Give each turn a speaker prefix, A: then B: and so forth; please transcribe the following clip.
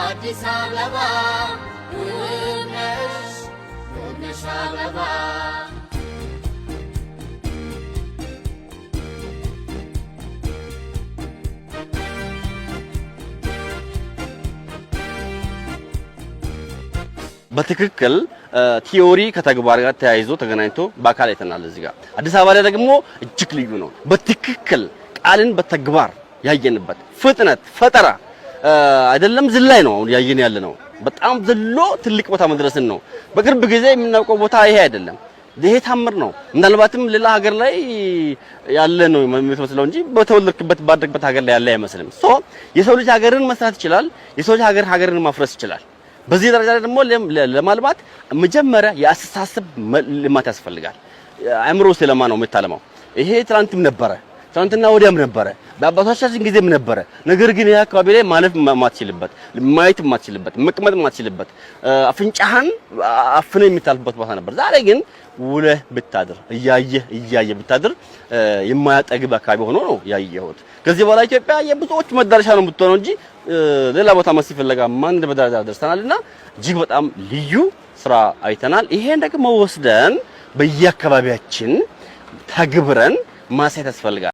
A: አዲስ አበባ አበባ በትክክል ቲዮሪ ከተግባር ጋር ተያይዞ ተገናኝቶ በአካል አይተናል። እዚህ ጋር አዲስ አበባ ላይ ደግሞ እጅግ ልዩ ነው። በትክክል ቃልን በተግባር ያየንበት ፍጥነት ፈጠራ አይደለም ዝላይ ነው አሁን ያየን ያለ ነው። በጣም ዝሎ ትልቅ ቦታ መድረስን ነው። በቅርብ ጊዜ የምናውቀው ቦታ ይሄ አይደለም። ይሄ ታምር ነው። ምናልባትም ሌላ ሀገር ላይ ያለ ነው የምትመስለው እንጂ በተወለድክበት ባደግበት ሀገር ላይ ያለ አይመስልም። ሶ የሰው ልጅ ሀገርን መስራት ይችላል። የሰው ልጅ ሀገር ሀገርን ማፍረስ ይችላል። በዚህ ደረጃ ደግሞ ለማልማት መጀመሪያ የአስተሳሰብ ልማት ያስፈልጋል። አእምሮ ስለማ ነው የምታለማው። ይሄ ትናንትም ነበረ ትናንትና ወዲያም ነበረ በአባቶቻችን ጊዜም ነበረ። ነገር ግን ይህ አካባቢ ላይ ማለፍ ማትችልበት፣ ማየት ማትችልበት፣ መቅመጥ ማትችልበት አፍንጫህን አፍነ የሚታልፍበት ቦታ ነበር። ዛሬ ግን ውለህ ብታድር እያየህ እያየህ ብታድር የማያጠግብ አካባቢ ሆኖ ነው ያየሁት። ከዚህ በኋላ ኢትዮጵያ የብዙዎች መዳረሻ ነው የምትሆነው እንጂ ሌላ ቦታ መስይ ፍለጋ ማን እንደመዳረሻ ደርሰናልና እጅግ በጣም ልዩ ስራ አይተናል። ይሄን ደግሞ ወስደን በየአካባቢያችን ተግብረን ማሳየት ያስፈልጋል።